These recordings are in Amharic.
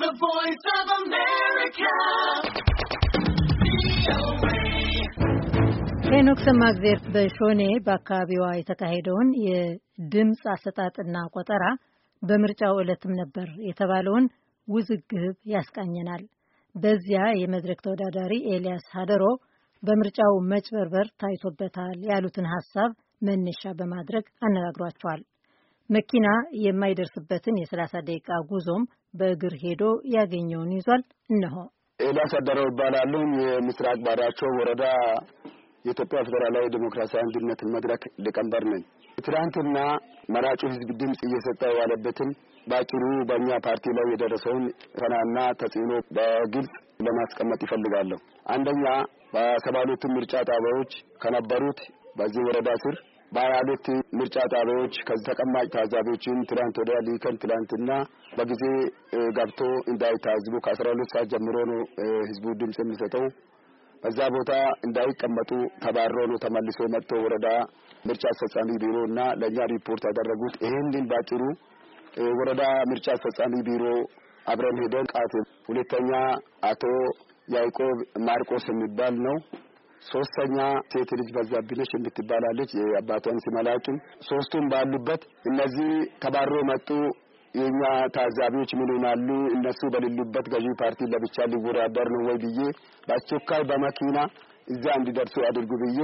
The Voice of America. ሄኖክ ሰማግዜር በሾኔ በአካባቢዋ የተካሄደውን የድምፅ አሰጣጥና ቆጠራ በምርጫው ዕለትም ነበር የተባለውን ውዝግብ ያስቃኘናል። በዚያ የመድረክ ተወዳዳሪ ኤልያስ ሀደሮ በምርጫው መጭበርበር ታይቶበታል ያሉትን ሀሳብ መነሻ በማድረግ አነጋግሯቸዋል። መኪና የማይደርስበትን የስላሳ ደቂቃ ጉዞም በእግር ሄዶ ያገኘውን ይዟል። እነሆ ኤልያስ አደረው ይባላሉ። የምስራቅ ባሪያቸው ወረዳ የኢትዮጵያ ፌዴራላዊ ዴሞክራሲያዊ አንድነት መድረክ ሊቀመንበር ነኝ። ትናንትና መራጩ ህዝብ ድምፅ እየሰጠ ያለበትን በአጭሩ በእኛ ፓርቲ ላይ የደረሰውን ፈናና ተጽዕኖ በግልጽ ለማስቀመጥ ይፈልጋለሁ። አንደኛ በሰባ ምርጫ ጣቢያዎች ከነበሩት በዚህ ወረዳ ስር በሀያሁለት ምርጫ ጣቢያዎች ተቀማጭ ታዛቢዎችም ትላንት ወዲያ ሊከን ትላንትና በጊዜ ገብቶ እንዳይታዝቡ ከአስራ ሁለት ሰዓት ጀምሮ ነው ህዝቡ ድምፅ የሚሰጠው። በዛ ቦታ እንዳይቀመጡ ተባሮ ነው ተመልሶ መጥቶ ወረዳ ምርጫ አስፈጻሚ ቢሮ እና ለእኛ ሪፖርት ያደረጉት። ይህንን ባጭሩ ወረዳ ምርጫ አስፈጻሚ ቢሮ አብረን ሄደን ቃት ሁለተኛ አቶ ያዕቆብ ማርቆስ የሚባል ነው ሶስተኛ ሴት ልጅ በዛ በዛብነሽ የምትባላለች የአባቷን ስም ሶስቱም ባሉበት እነዚህ ተባሮ መጡ። የኛ ታዛቢዎች ምን ይሆናሉ? እነሱ በሌሉበት ገዢ ፓርቲ ለብቻ ሊወዳደር ነው ወይ ብዬ በአስቸኳይ በመኪና እዛ እንዲደርሱ አድርጉ ብዬ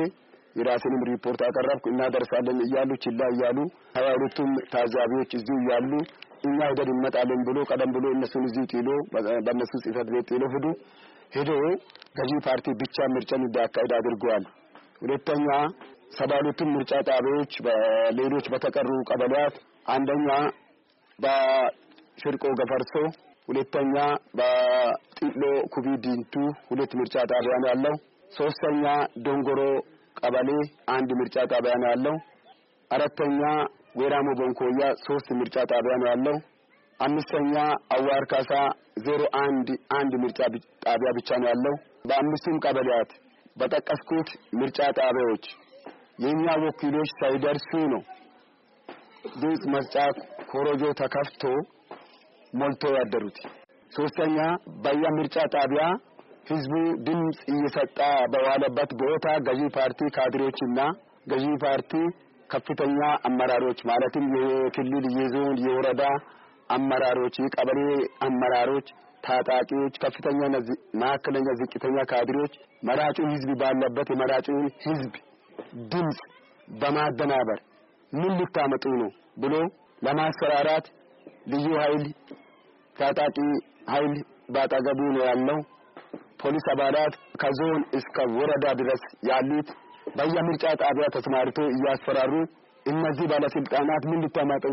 የራስንም ሪፖርት አቀረብኩ። እናደርሳለን እያሉ ችላ እያሉ ሀያ ሁለቱም ታዛቢዎች እዚሁ እያሉ እኛ ሂደን እንመጣለን ብሎ ቀደም ብሎ እነሱን እዚሁ ጥሎ በእነሱ ጽህፈት ቤት ጥሎ ሂዱ ሄዶ ገዢው ፓርቲ ብቻ ምርጫን እንዲያካሂድ አድርጓል። ሁለተኛ ሰባ ምርጫ ጣቢያዎች በሌሎች በተቀሩ ቀበሌያት አንደኛ በሽርቆ ገፈርሶ፣ ሁለተኛ በጢሎ ኩቢ ዲንቱ ሁለት ምርጫ ጣቢያ ነው ያለው። ሶስተኛ ዶንጎሮ ቀበሌ አንድ ምርጫ ጣቢያ ነው ያለው። አራተኛ ወይራሞ ቦንኮያ ሶስት ምርጫ ጣቢያ ነው ያለው። አምስተኛ አዋር ካሳ ዜሮ አንድ አንድ ምርጫ ጣቢያ ብቻ ነው ያለው። በአምስቱም ቀበሌያት በጠቀስኩት ምርጫ ጣቢያዎች የኛ ወኪሎች ሳይደርሱ ነው ድምፅ መስጫ ኮሮጆ ተከፍቶ ሞልቶ ያደሩት። ሶስተኛ በየምርጫ ጣቢያ ህዝቡ ድምፅ እየሰጠ በዋለበት ቦታ ገዢ ፓርቲ ካድሬዎችና ገዢ ፓርቲ ከፍተኛ አመራሮች ማለትም የክልል፣ የዞን፣ የወረዳ አመራሮች፣ የቀበሌ አመራሮች፣ ታጣቂዎች፣ ከፍተኛ መካከለኛ፣ ዝቅተኛ ካድሬዎች መራጩ ህዝብ ባለበት የመራጩን ህዝብ ድምፅ በማደናበር ምን ልታመጡ ነው ብሎ ለማሰራራት ልዩ ኃይል ታጣቂ ኃይል ባጠገቡ ነው ያለው። ፖሊስ አባላት ከዞን እስከ ወረዳ ድረስ ያሉት በየምርጫ ጣቢያ ተስማርቶ እያስፈራሩ እነዚህ ባለስልጣናት ምን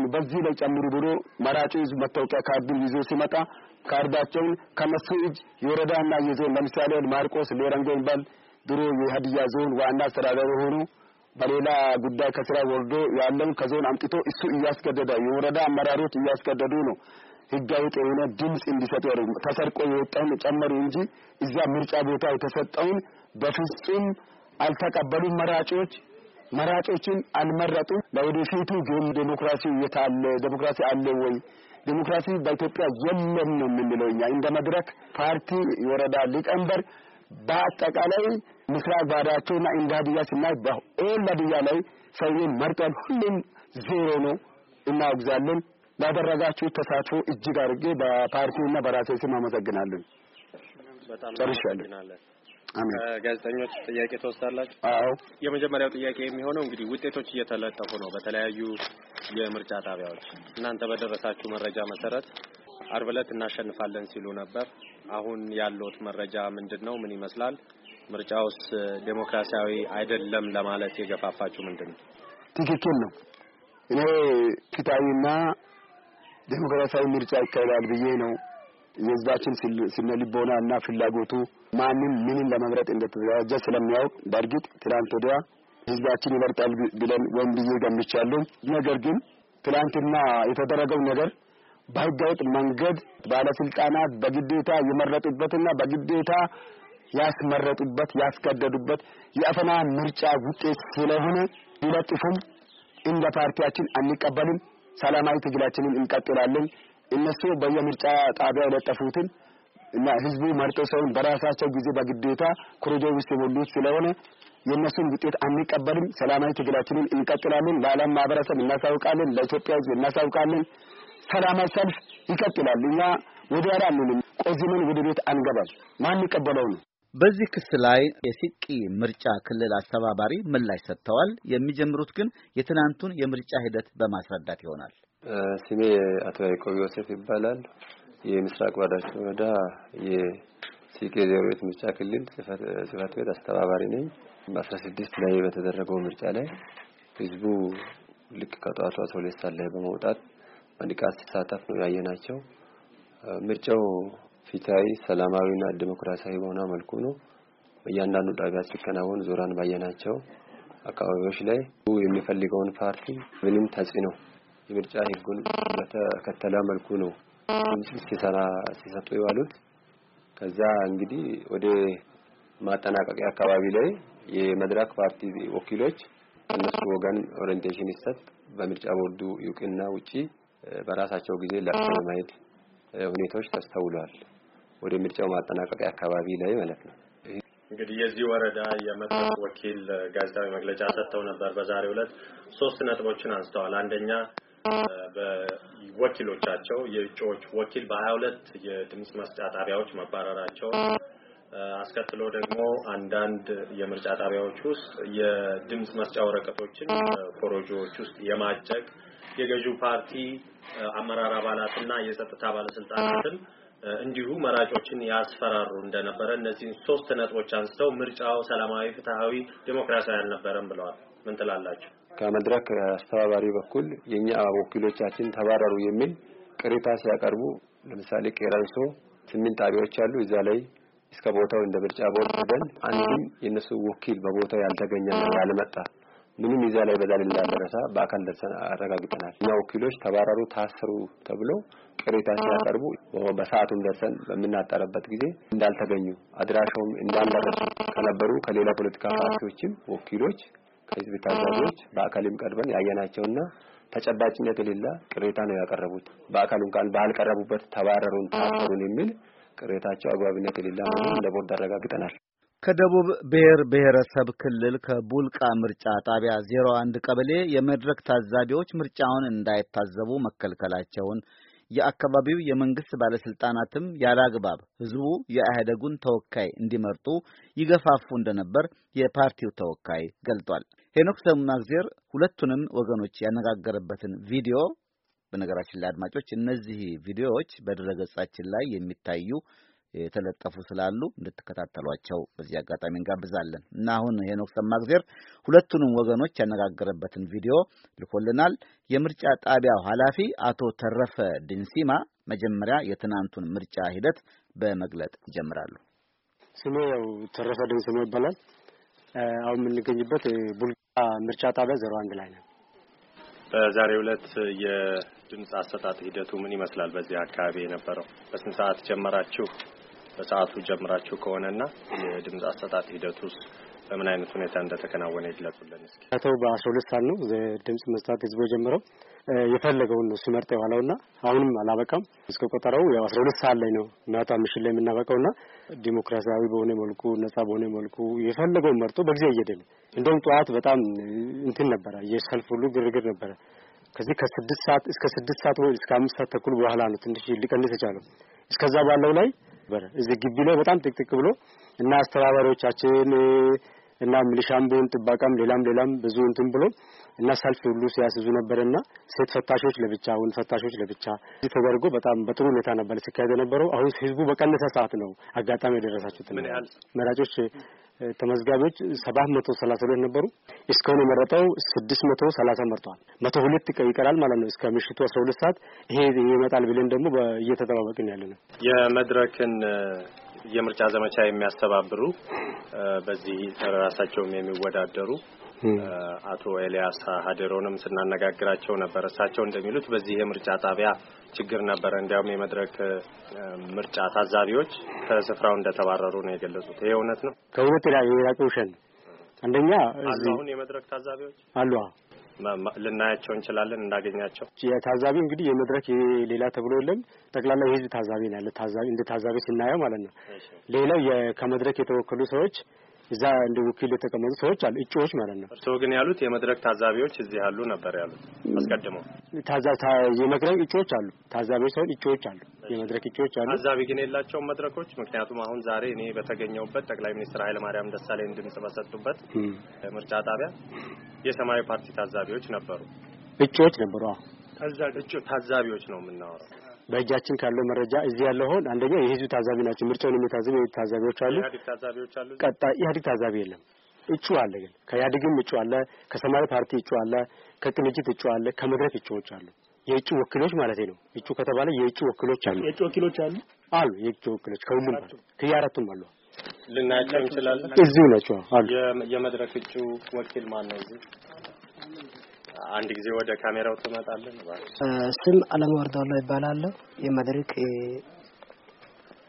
ነው? በዚህ ላይ ጨምሩ ብሎ መራጩ ህዝብ መታወቂያ ካርድን ይዞ ሲመጣ ካርዳቸውን ከነሱ እጅ የወረዳና የዞን ለምሳሌ ማርቆስ ሌረንጎ ይባል ድሮ የሀዲያ ዞን ዋና አስተዳዳሪ ሆኑ በሌላ ጉዳይ ከስራ ወርዶ ያለውን ከዞን አምጥቶ እሱ እያስገደደ የወረዳ አመራሮች እያስገደዱ ነው ህጋዊ የሆነ ድምጽ እንዲሰጡ ያደርጉ ተሰርቆ የወጣውን ጨመሩ እንጂ እዛ ምርጫ ቦታ የተሰጠውን በፍጹም አልተቀበሉም መራጮች መራጮችን አልመረጡም። ለወደፊቱ ግን ዴሞክራሲ የታለ ዴሞክራሲ አለ ወይ? ዴሞክራሲ በኢትዮጵያ የለም ነው የምንለው እኛ እንደ መድረክ ፓርቲ የወረዳ ሊቀመንበር በአጠቃላይ ምስራቅ ባዳቸው እንደ እንዳድያ ስናይ በኦላድያ ላይ ሰውዬን መርጧል። ሁሉም ዜሮ ነው። እናወግዛለን። ላደረጋችሁ ተሳትፎ እጅግ አድርጌ በፓርቲውና በራሴ ስም አመሰግናለን። ጨርሻለሁ። ጋዜጠኞች ጥያቄ ተወስዳላችሁ? አዎ። የመጀመሪያው ጥያቄ የሚሆነው እንግዲህ ውጤቶች እየተለጠፉ ነው በተለያዩ የምርጫ ጣቢያዎች። እናንተ በደረሳችሁ መረጃ መሰረት አርብ ዕለት እናሸንፋለን ሲሉ ነበር። አሁን ያለውት መረጃ ምንድን ነው? ምን ይመስላል? ምርጫውስ ዴሞክራሲያዊ አይደለም ለማለት የገፋፋችሁ ምንድን ነው? ትክክል ነው። እኔ ፊታዊና ዴሞክራሲያዊ ምርጫ ይካሄዳል ብዬ ነው የህዝባችን ስነ ልቦና እና ፍላጎቱ ማንም ምንን ለመምረጥ እንደተዘጋጀ ስለሚያውቅ በእርግጥ ትላንት ወዲያ ህዝባችን ይመርጣል ብለን ወይም ብዬ ገምቻለሁ። ነገር ግን ትላንትና የተደረገው ነገር በህገወጥ መንገድ ባለስልጣናት በግዴታ የመረጡበትና በግዴታ ያስመረጡበት ያስገደዱበት የአፈና ምርጫ ውጤት ስለሆነ ሊለጥፉም እንደ ፓርቲያችን አንቀበልም። ሰላማዊ ትግላችንን እንቀጥላለን። እነሱ በየምርጫ ጣቢያ የለጠፉትን እና ህዝቡ መርጦ ሳይሆን በራሳቸው ጊዜ በግዴታ ኮሪደር ውስጥ የሞሉት ስለሆነ የእነሱን ውጤት አንቀበልም። ሰላማዊ ትግላችንን እንቀጥላለን። ለዓለም ማህበረሰብ እናሳውቃለን። ለኢትዮጵያ ህዝብ እናሳውቃለን። ሰላማዊ ሰልፍ ይቀጥላል። እኛ ወደ ኋላ አንልም። ቆዝመን ወደ ቤት አንገባል። ማን ይቀበለው ነው? በዚህ ክስ ላይ የሲቂ ምርጫ ክልል አስተባባሪ ምላሽ ሰጥተዋል። የሚጀምሩት ግን የትናንቱን የምርጫ ሂደት በማስረዳት ይሆናል። ስሜ አቶ ያዕቆብ ዮሴፍ ይባላል። የምስራቅ ባዳሽ ወረዳ የሲቄ ዜሮ ቤት ምርጫ ክልል ጽህፈት ቤት አስተባባሪ ነኝ። በአስራ ስድስት ላይ በተደረገው ምርጫ ላይ ህዝቡ ልክ ከጠዋቱ አስራ ሁለት ሰዓት ላይ በመውጣት በንቃት ሲሳተፍ ነው ያየናቸው። ምርጫው ፊታዊ ሰላማዊና ዲሞክራሲያዊ በሆነ መልኩ ነው። እያንዳንዱ ጣቢያ ሲከናወን ዞራን ባየናቸው አካባቢዎች ላይ የሚፈልገውን ፓርቲ ምንም ተጽዕኖ የምርጫ ህጉን በተከተለ መልኩ ነው ሲሰራ ሲሰጡ የዋሉት። ከዛ እንግዲህ ወደ ማጠናቀቂያ አካባቢ ላይ የመድረክ ፓርቲ ወኪሎች እነሱ ወገን ኦሪንቴሽን ይሰጥ፣ በምርጫ ቦርዱ ይውቅና ውጪ በራሳቸው ጊዜ ለፍተው ማየት ሁኔታዎች ተስተውሏል። ወደ ምርጫው ማጠናቀቂያ አካባቢ ላይ ማለት ነው። እንግዲህ የዚህ ወረዳ የመድረክ ወኪል ጋዜጣዊ መግለጫ ሰጥተው ነበር። በዛሬው ዕለት ሶስት ነጥቦችን አንስተዋል። አንደኛ ወኪሎቻቸው የእጩዎች ወኪል በሀያ ሁለት የድምጽ መስጫ ጣቢያዎች መባረራቸው አስከትሎ ደግሞ አንዳንድ የምርጫ ጣቢያዎች ውስጥ የድምጽ መስጫ ወረቀቶችን ኮሮጆዎች ውስጥ የማጨቅ የገዢው ፓርቲ አመራር አባላትና የጸጥታ ባለስልጣናትን እንዲሁ መራጮችን ያስፈራሩ እንደነበረ እነዚህን ሶስት ነጥቦች አንስተው ምርጫው ሰላማዊ፣ ፍትሃዊ፣ ዴሞክራሲያዊ አልነበረም ብለዋል። ምን ትላላችሁ? ከመድረክ አስተባባሪ በኩል የኛ ወኪሎቻችን ተባረሩ የሚል ቅሬታ ሲያቀርቡ ለምሳሌ ቄራንሶ ስምንት ጣቢያዎች አሉ። እዛ ላይ እስከ ቦታው እንደ ምርጫ ቦርድ ሄደን አንድም የነሱ ወኪል በቦታው ያልተገኘ ያለመጣ ምንም ሚዛ ላይ በዛ ላይ እንዳደረሰ በአካል ደርሰን አረጋግጠናል። እኛ ወኪሎች ተባረሩ፣ ታሰሩ ተብሎ ቅሬታ ሲያቀርቡ በሰዓቱም ደርሰን በምናጠረበት ጊዜ እንዳልተገኙ አድራሻውም እንዳልደረሱ ከነበሩ ከሌላ ፖለቲካ ፓርቲዎችም ወኪሎች ከህዝብ ታዛቢዎች በአካልም ቀርበን ያየናቸውና ተጨባጭነት የሌለ ቅሬታ ነው ያቀረቡት። በአካል እንኳን ባልቀረቡበት ተባረሩን፣ ታሰሩን የሚል ቅሬታቸው አግባብነት የሌለ መሆኑን ለቦርድ አረጋግጠናል። ከደቡብ ብሔር ብሔረሰብ ክልል ከቡልቃ ምርጫ ጣቢያ 01 ቀበሌ የመድረክ ታዛቢዎች ምርጫውን እንዳይታዘቡ መከልከላቸውን የአካባቢው የመንግስት ባለስልጣናትም ያለአግባብ ህዝቡ የአህደጉን ተወካይ እንዲመርጡ ይገፋፉ እንደነበር የፓርቲው ተወካይ ገልጧል። ሄኖክ ሰማግዜር ሁለቱንም ወገኖች ያነጋገረበትን ቪዲዮ በነገራችን ላይ አድማጮች እነዚህ ቪዲዮዎች በድረገጻችን ላይ የሚታዩ የተለጠፉ ስላሉ እንድትከታተሏቸው በዚህ አጋጣሚ እንጋብዛለን እና አሁን ሄኖክ ሰማግዜር ሁለቱንም ወገኖች ያነጋገረበትን ቪዲዮ ልኮልናል። የምርጫ ጣቢያው ኃላፊ አቶ ተረፈ ድንሲማ መጀመሪያ የትናንቱን ምርጫ ሂደት በመግለጥ ይጀምራሉ። ስሜ ያው ተረፈ ድንሲማ ይባላል። አሁን የምንገኝበት ቡልጋ ምርጫ ጣቢያ ዜሮ አንድ ላይ ነው። በዛሬው ዕለት የድምፅ አሰጣጥ ሂደቱ ምን ይመስላል? በዚህ አካባቢ የነበረው በስንት ሰዓት ጀመራችሁ? በሰዓቱ ጀምራችሁ ከሆነና የድምጽ አሰጣጥ ሂደት ውስጥ በምን አይነት ሁኔታ እንደተከናወነ ይግለጹልን እስኪ። አቶ በአስራ ሁለት ሰዓት ነው ድምጽ መስጣት ህዝቦ ጀምረው የፈለገውን ነው ሲመርጥ የዋለውና አሁንም አላበቃም እስከ ቆጠረው ያው አስራ ሁለት ሰዓት ላይ ነው ማታ ምሽል ላይ የምናበቀውና ዲሞክራሲያዊ በሆነ መልኩ ነጻ በሆነ መልኩ የፈለገውን መርጦ በጊዜ እየሄደ ነው። እንደውም ጠዋት በጣም እንትን ነበረ፣ የሰልፍ ሁሉ ግርግር ነበረ። ከዚህ ከስድስት ሰዓት እስከ ስድስት ሰዓት ወይ እስከ አምስት ሰዓት ተኩል በኋላ ነው ትንሽ ሊቀንስ የቻለው። እስከዛ ባለው ላይ ነበረ። እዚህ ግቢ ላይ በጣም ጥቅጥቅ ብሎ እና አስተባባሪዎቻችን እና ሚሊሻም ሚሊሻምቡን ጥባቃም ሌላም ሌላም ብዙ እንትን ብሎ እና ሰልፍ ሁሉ ሲያስይዙ ነበርና ሴት ፈታሾች ለብቻ፣ ወንድ ፈታሾች ለብቻ ተደርጎ በጣም በጥሩ ሁኔታ ነበር ሲካሄድ የነበረው። አሁን ህዝቡ በቀነሰ ሰዓት ነው አጋጣሚ የደረሳችሁት መራጮች ተመዝጋቢዎች ሰባት መቶ ሰላሳ ሁለት ነበሩ። እስካሁን የመረጠው ስድስት መቶ ሰላሳ መርጠዋል። መቶ ሁለት ይቀራል ማለት ነው። እስከ ምሽቱ አስራ ሁለት ሰዓት ይሄ ይመጣል ብለን ደግሞ እየተጠባበቅን ያለ ነው። የመድረክን የምርጫ ዘመቻ የሚያስተባብሩ በዚህ ራሳቸውም የሚወዳደሩ አቶ ኤልያስ ሀደሮንም ስናነጋግራቸው ነበር። እሳቸው እንደሚሉት በዚህ የምርጫ ጣቢያ ችግር ነበረ። እንዲያውም የመድረክ ምርጫ ታዛቢዎች ከስፍራው እንደተባረሩ ነው የገለጹት። ይሄ እውነት ነው? ከእውነት የራቀ ውሸት ነው። አንደኛ አሁን የመድረክ ታዛቢዎች አሉ ልናያቸው እንችላለን። እንዳገኛቸው የታዛቢ እንግዲህ የመድረክ ሌላ ተብሎ የለም። ጠቅላላ የህዝብ ታዛቢ ነው ያለ ታዛቢ እንደ ታዛቢ ስናየው ማለት ነው። ሌላው ከመድረክ የተወከሉ ሰዎች እዛ እንደ ወኪል የተቀመጡ ሰዎች አሉ፣ እጩዎች ማለት ነው። እርስዎ ግን ያሉት የመድረክ ታዛቢዎች እዚህ ያሉ ነበር ያሉት አስቀድመው። የመድረክ እጩዎች አሉ፣ ታዛቢዎች ሳይሆን እጩዎች አሉ፣ የመድረክ እጩዎች አሉ። ታዛቢ ግን የላቸውም መድረኮች። ምክንያቱም አሁን ዛሬ እኔ በተገኘሁበት ጠቅላይ ሚኒስትር ኃይለ ማርያም ደሳለኝ ድምጽ በሰጡበት ምርጫ ጣቢያ የሰማያዊ ፓርቲ ታዛቢዎች ነበሩ፣ እጩዎች ነበሩ። ታዛቢዎች ነው የምናወራው በእጃችን ካለው መረጃ እዚህ ያለው ሆን አንደኛ የህዝብ ታዛቢ ናቸው። ምርጫውን የሚታዘብ የህዝብ ታዛቢዎች አሉ። ቀጣ ኢህአዴግ ታዛቢ የለም። እጩ አለ፣ ግን ከኢህአዴግም እጩ አለ፣ ከሰማያዊ ፓርቲ እጩ አለ፣ ከቅንጅት እጩ አለ፣ ከመድረክ እጩዎች አሉ። የእጩ ወኪሎች ማለት ነው። እጩ ከተባለ የእጩ ወኪሎች አሉ። የእጩ ወኪሎች አሉ አሉ። የእጩ ወኪሎች ከሁሉም አሉ፣ ከየአራቱም አሉ። ልናያቸው እንችላለን። እዚሁ ናቸው አሉ። የመድረክ እጩ ወኪል ማን ነው እዚህ አንድ ጊዜ ወደ ካሜራው ትመጣለን። ስም አለማወርዳለሁ ይባላለሁ። የመድረክ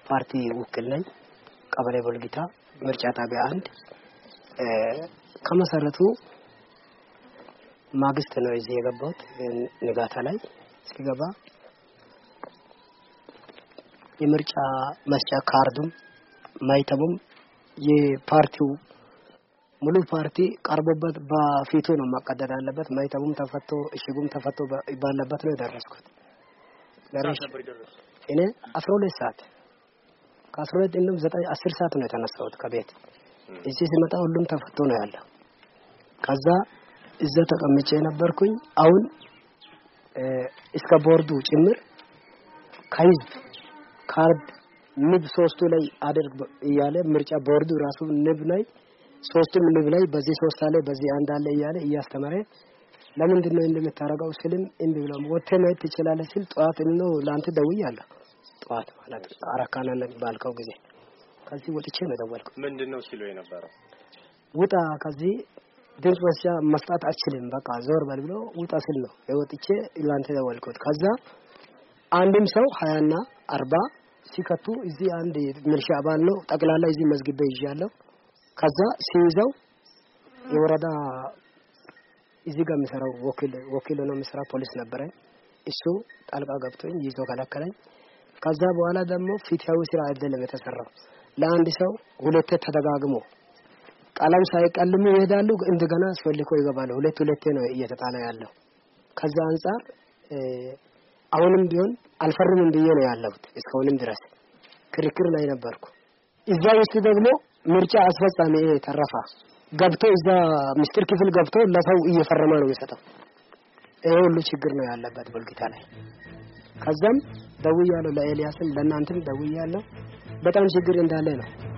ፓርቲ ውክል ነኝ። ቀበሌ ቦልጊታ ምርጫ ጣቢያ አንድ ከመሰረቱ ማግስት ነው እዚህ የገባሁት። ንጋታ ላይ ሲገባ የምርጫ መስጫ ካርዱም ማይተሙም የፓርቲው ሙሉ ፓርቲ ቀርቦበት በፊቱ ነው መቀደድ አለበት። ማይተሙም ተፈቶ እሽጉም ተፈቶ ባለበት ነው የደረስኩት። እኔ አስራ ሁለት ሰዓት ከአስራ ሁለት እንደውም ዘጠኝ አስር ሰዓት ነው የተነሳሁት ከቤት እዚህ ሲመጣ ሁሉም ተፈቶ ነው ያለ። ከዛ እዛ ተቀምጬ የነበርኩኝ አሁን እስከ ቦርዱ ጭምር ከህዝብ ካርድ ንብ ሶስቱ ላይ አድርግ እያለ ምርጫ ቦርዱ ራሱ ንብ ላይ ሶስቱም ልብ ላይ በዚህ ሶስት አለ በዚህ አንድ አለ እያለ እያስተማረ ለምንድን ነው እንደምታረገው ስልም እምቢ ብለው ወጥተህ መሄድ ትችላለህ ስል ጠዋት ነው ለአንተ ደውያለሁ። ጠዋት ማለት አራካና ነው ባልከው ጊዜ ከዚህ ወጥቼ ነው የደወልኩት። ምንድን ነው ሲሉ የነበረው ውጣ ከዚህ ድምፅ መስጫ መስጣት አችልም፣ በቃ ዞር በል ብሎ ውጣ ስል ነው የወጥቼ ለአንተ ደወልኩት። ከዛ አንድም ሰው ሀያና አርባ ሲከቱ እዚህ አንድ ሚልሻ አባል ነው ጠቅላላ እዚህ መዝግቤ ይዣለሁ ከዛ ሲይዘው የወረዳ እዚህ ጋር የምሰራው ወኪል ወኪል ነው የምሰራ ፖሊስ ነበረ። እሱ ጣልቃ ገብቶኝ ይዞ ከለከለኝ። ከዛ በኋላ ደግሞ ፊትያዊ ስራ አይደለም የተሰራው። ለአንድ ሰው ሁለቴ ተደጋግሞ ቀለም ሳይቀልሙ ይሄዳሉ፣ እንደገና አስፈልኮ ይገባሉ። ሁለት ሁለቴ ነው እየተጣለ ያለው። ከዛ አንጻር አሁንም ቢሆን አልፈርምም ብዬ ነው ያለሁት። እስካሁንም ድረስ ክርክር ላይ ነበርኩ። እዛ ውስጥ ደግሞ ምርጫ አስፈጻሚ ተረፋ ገብቶ እዛ ምስጢር ክፍል ገብቶ ለሰው እየፈረመ ነው የሚሰጠው። ይሄ ሁሉ ችግር ነው ያለበት ወልቂታ ላይ። ከዛም ደውያለሁ ለኤልያስም ለእናንተም ደውያለሁ። በጣም ችግር እንዳለ ነው